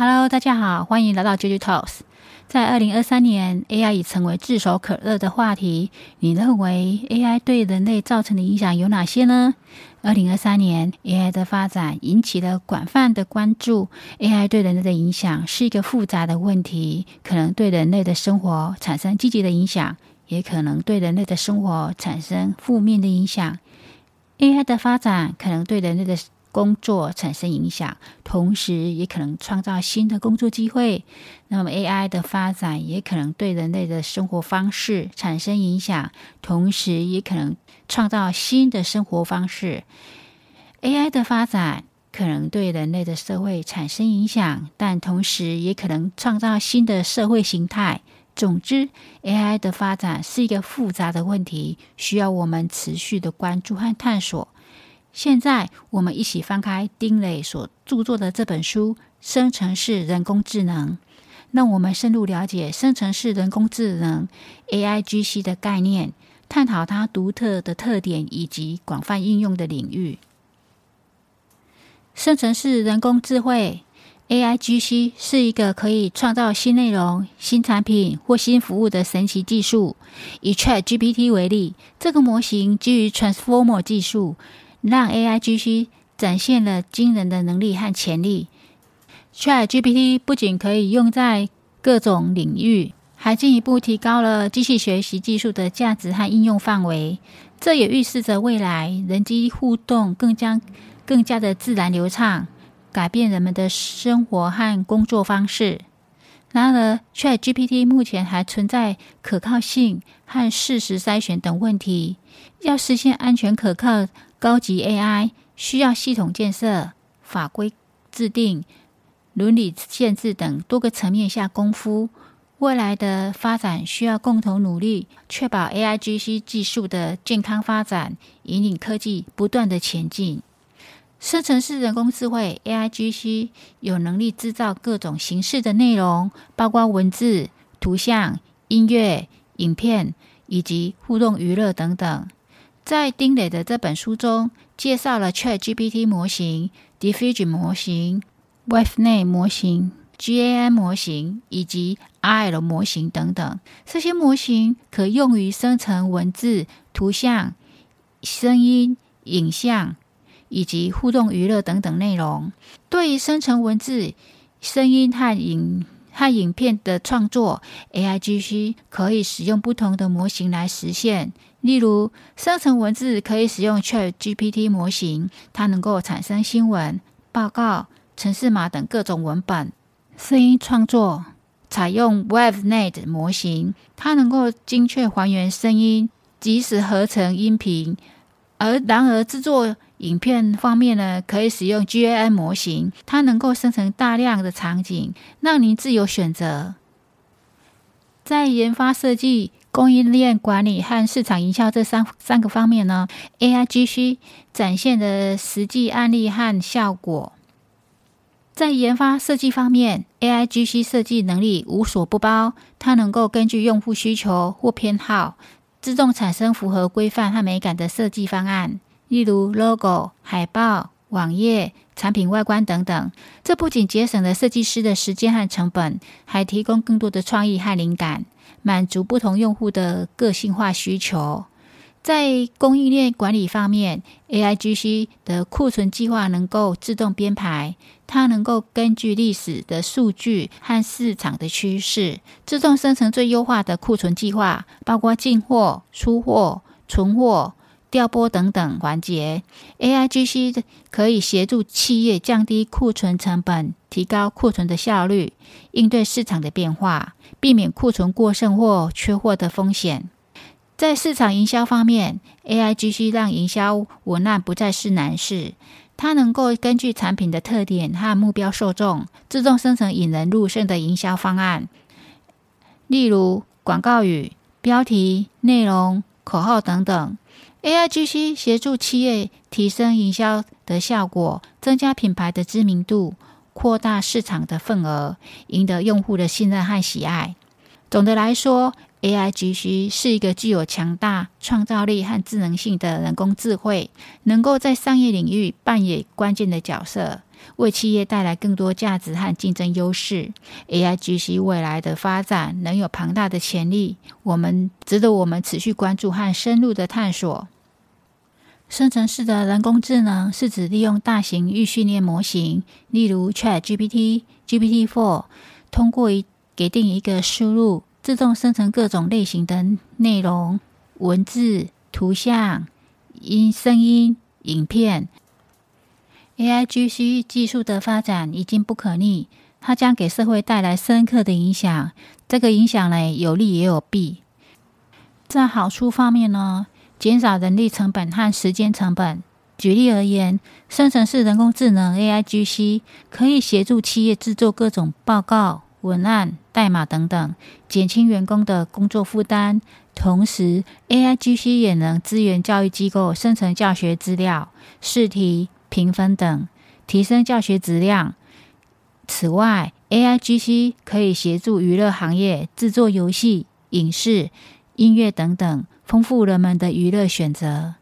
Hello，大家好，歡迎來到 Jojo Talks。在二零二三年，AI 已成為炙手可熱的話題。你認為 AI 對人類造成的影響有哪些呢？二零二三年，AI 的發展引起了廣泛的關注。AI 對人類的影響是一個複雜的問題，可能對人類的生活產生積極的影響，也可能對人類的生活產生負面的影響。AI 的發展可能對人類的工作產生影響，同時也可能創造新的工作機會。那麼，AI 的發展也可能對人類的生活方式產生影響，同時也可能創造新的生活方式。AI 的發展可能對人類的社會產生影響，但同時也可能創造新的社會形態。總之，AI 的發展是一個複雜的問題，需要我們持續的關注和探索。現在，我們一起翻開丁磊所著作的這本書《生成式人工智能》，讓我們深入了解生成式人工智能 （AIGC） 的概念，探討它獨特的特點以及廣泛應用的領域。生成式人工智慧 （AIGC） 是一個可以創造新內容、新產品或新服務的神奇技術。以 ChatGPT 為例，這個模型基於 Transformer 技術。讓 AIGC 展現了驚人的能力和潛力。ChatGPT 不僅可以用在各種領域，還進一步提高了機器學習技術的價值和應用範圍。這也預示着未來人機互動更加更加的自然流暢，改變人們的生活和工作方式。然而，ChatGPT 目前還存在可靠性和事實篩選等問題，要實現安全可靠。高級 AI 需要系統建設、法規制定、倫理限制等多個層面下功夫。未來的發展需要共同努力，確保 AIGC 技術的健康發展，引領科技不斷的前進。生成式人工智慧 AIGC 有能力制造各種形式的內容，包括文字、圖像、音樂、影片以及互動娛樂等等。在丁磊的這本書中，介紹了 ChatGPT 模型、Diffusion 模型、WaveNet 模型、GAN 模型以及 RL 模型等等。這些模型可用於生成文字、圖像、聲音、影像以及互動娛樂等等內容。對於生成文字、聲音和影看影片的創作，A I G C 可以使用不同的模型來實現。例如，生成文字可以使用 Chat G P T 模型，它能夠產生新聞、報告、程式碼等各種文本。聲音創作採用 WaveNet 模型，它能夠精確還原聲音，即時合成音頻。而然而制作影片方面呢，可以使用 GAN 模型，它能夠生成大量的場景，讓您自由選擇。在研發設計、供應鏈管理和市場營銷這三三個方面呢，AIGC 展現的實際案例和效果。在研發設計方面，AIGC 設計能力無所不包，它能夠根據用戶需求或偏好，自動產生符合規範和美感的設計方案。例如，logo、海報、網頁、產品外觀等等。這不僅節省了設計師的時間和成本，還提供更多的創意和靈感，滿足不同用戶的個性化需求。在供應鏈管理方面，AIGC 的庫存計劃能夠自動編排，它能夠根據歷史的數據和市場的趨勢，自動生成最優化的庫存計劃，包括進貨、出貨、存貨。調撥等等環節，A I G C 可以協助企業降低庫存成本，提高庫存的效率，應對市場的變化，避免庫存過剩或缺貨的風險。在市場營銷方面，A I G C 讓營銷文案不再是難事。它能夠根據產品的特點和目標受眾，自動生成引人入勝的營銷方案，例如廣告語、標題、內容、口號等等。AIGC 協助企業提升營銷的效果，增加品牌的知名度，擴大市場的份額，贏得用戶的信任和喜愛。總的來說，AIGC 是一個具有強大創造力和智能性的人工智慧，能夠在商業領域扮演關鍵的角色，為企業帶來更多價值和競爭優勢。AIGC 未來的發展能有龐大的潛力，我們值得我們持續關注和深入的探索。生成式的人工智能是指利用大型預訓練模型，例如 ChatGPT、GPT-4，通過一給定一個輸入。自動生成各種類型的內容、文字、圖像、音、聲音、影片。AIGC 技術的發展已經不可逆，它將給社會帶來深刻的影響。這個影響呢，有利也有弊。在好處方面呢，減少人力成本和時間成本。舉例而言，生成式人工智能 AIGC 可以協助企業製作各種報告、文案。代碼等等，減輕員工的工作負擔，同時 AIGC 也能支援教育機構生成教學資料、試題、評分等，提升教學質量。此外，AIGC 可以協助娛樂行業制作遊戲、影視、音樂等等，豐富人們的娛樂選擇。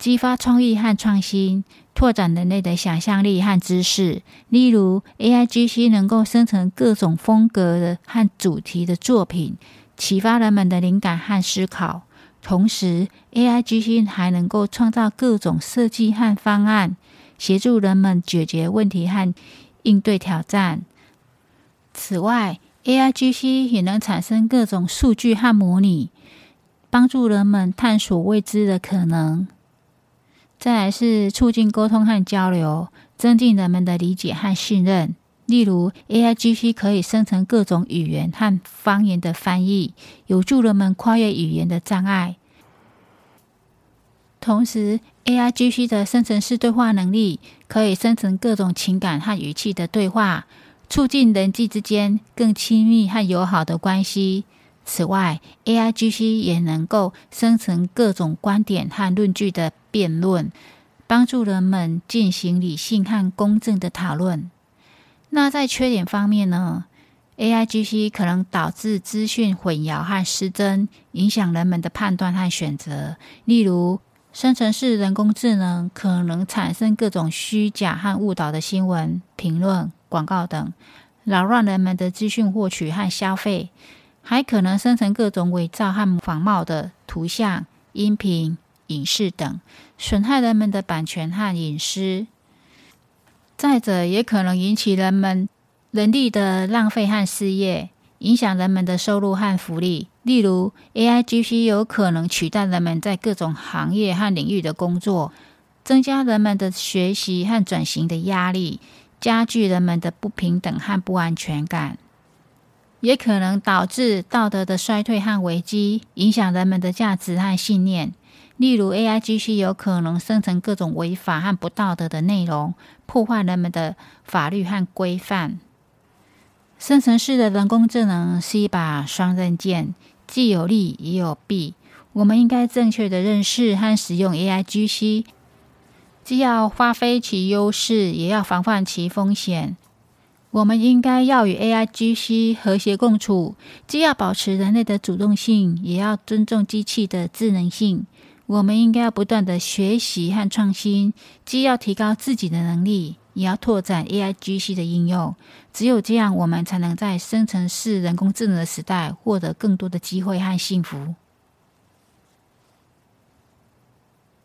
激發創意和創新，拓展人類的想象力和知識。例如，AIGC 能夠生成各種風格的和主題的作品，啟發人們的靈感和思考。同時，AIGC 還能夠創造各種設計和方案，協助人們解決問題和應對挑戰。此外，AIGC 也能產生各種數據和模擬，幫助人們探索未知的可能。再來是促進溝通和交流，增進人們的理解和信任。例如，AIGC 可以生成各種語言和方言的翻譯，有助人們跨越語言的障礙。同時，AIGC 的生成式對話能力可以生成各種情感和語氣的對話，促進人際之間更親密和友好的關係。此外，AIGC 也能夠生成各種觀點和論據的辯論，幫助人們進行理性和公正的討論。那在缺點方面呢？AIGC 可能導致資訊混淆和失真，影響人們的判斷和選擇。例如，生成式人工智能可能產生各種虛假和誤導的新聞、評論、廣告等，擾亂人們的資訊獲取和消費。還可能生成各種偽造和仿冒的圖像、音頻、影視等，損害人們的版權和隱私。再者，也可能引起人們人力的浪費和失業，影響人們的收入和福利。例如，AIGC 有可能取代人們在各種行業和領域的工作，增加人們的學習和轉型的壓力，加劇人們的不平等和不安全感。也可能導致道德的衰退和危機，影響人們的價值和信念。例如，AIGC 有可能生成各種違法和不道德的內容，破壞人們的法律和規範。生成式的人工智能是一把雙刃劍，既有利也有弊。我們應該正確的認識和使用 AIGC，既要發揮其優勢，也要防範其風險。我們應該要與 AIGC 和諧共處，既要保持人類的主動性，也要尊重機器的智能性。我們應該要不斷的學習和創新，既要提高自己的能力，也要拓展 AIGC 的應用。只有這樣，我們才能在生成式人工智能的時代獲得更多的機會和幸福。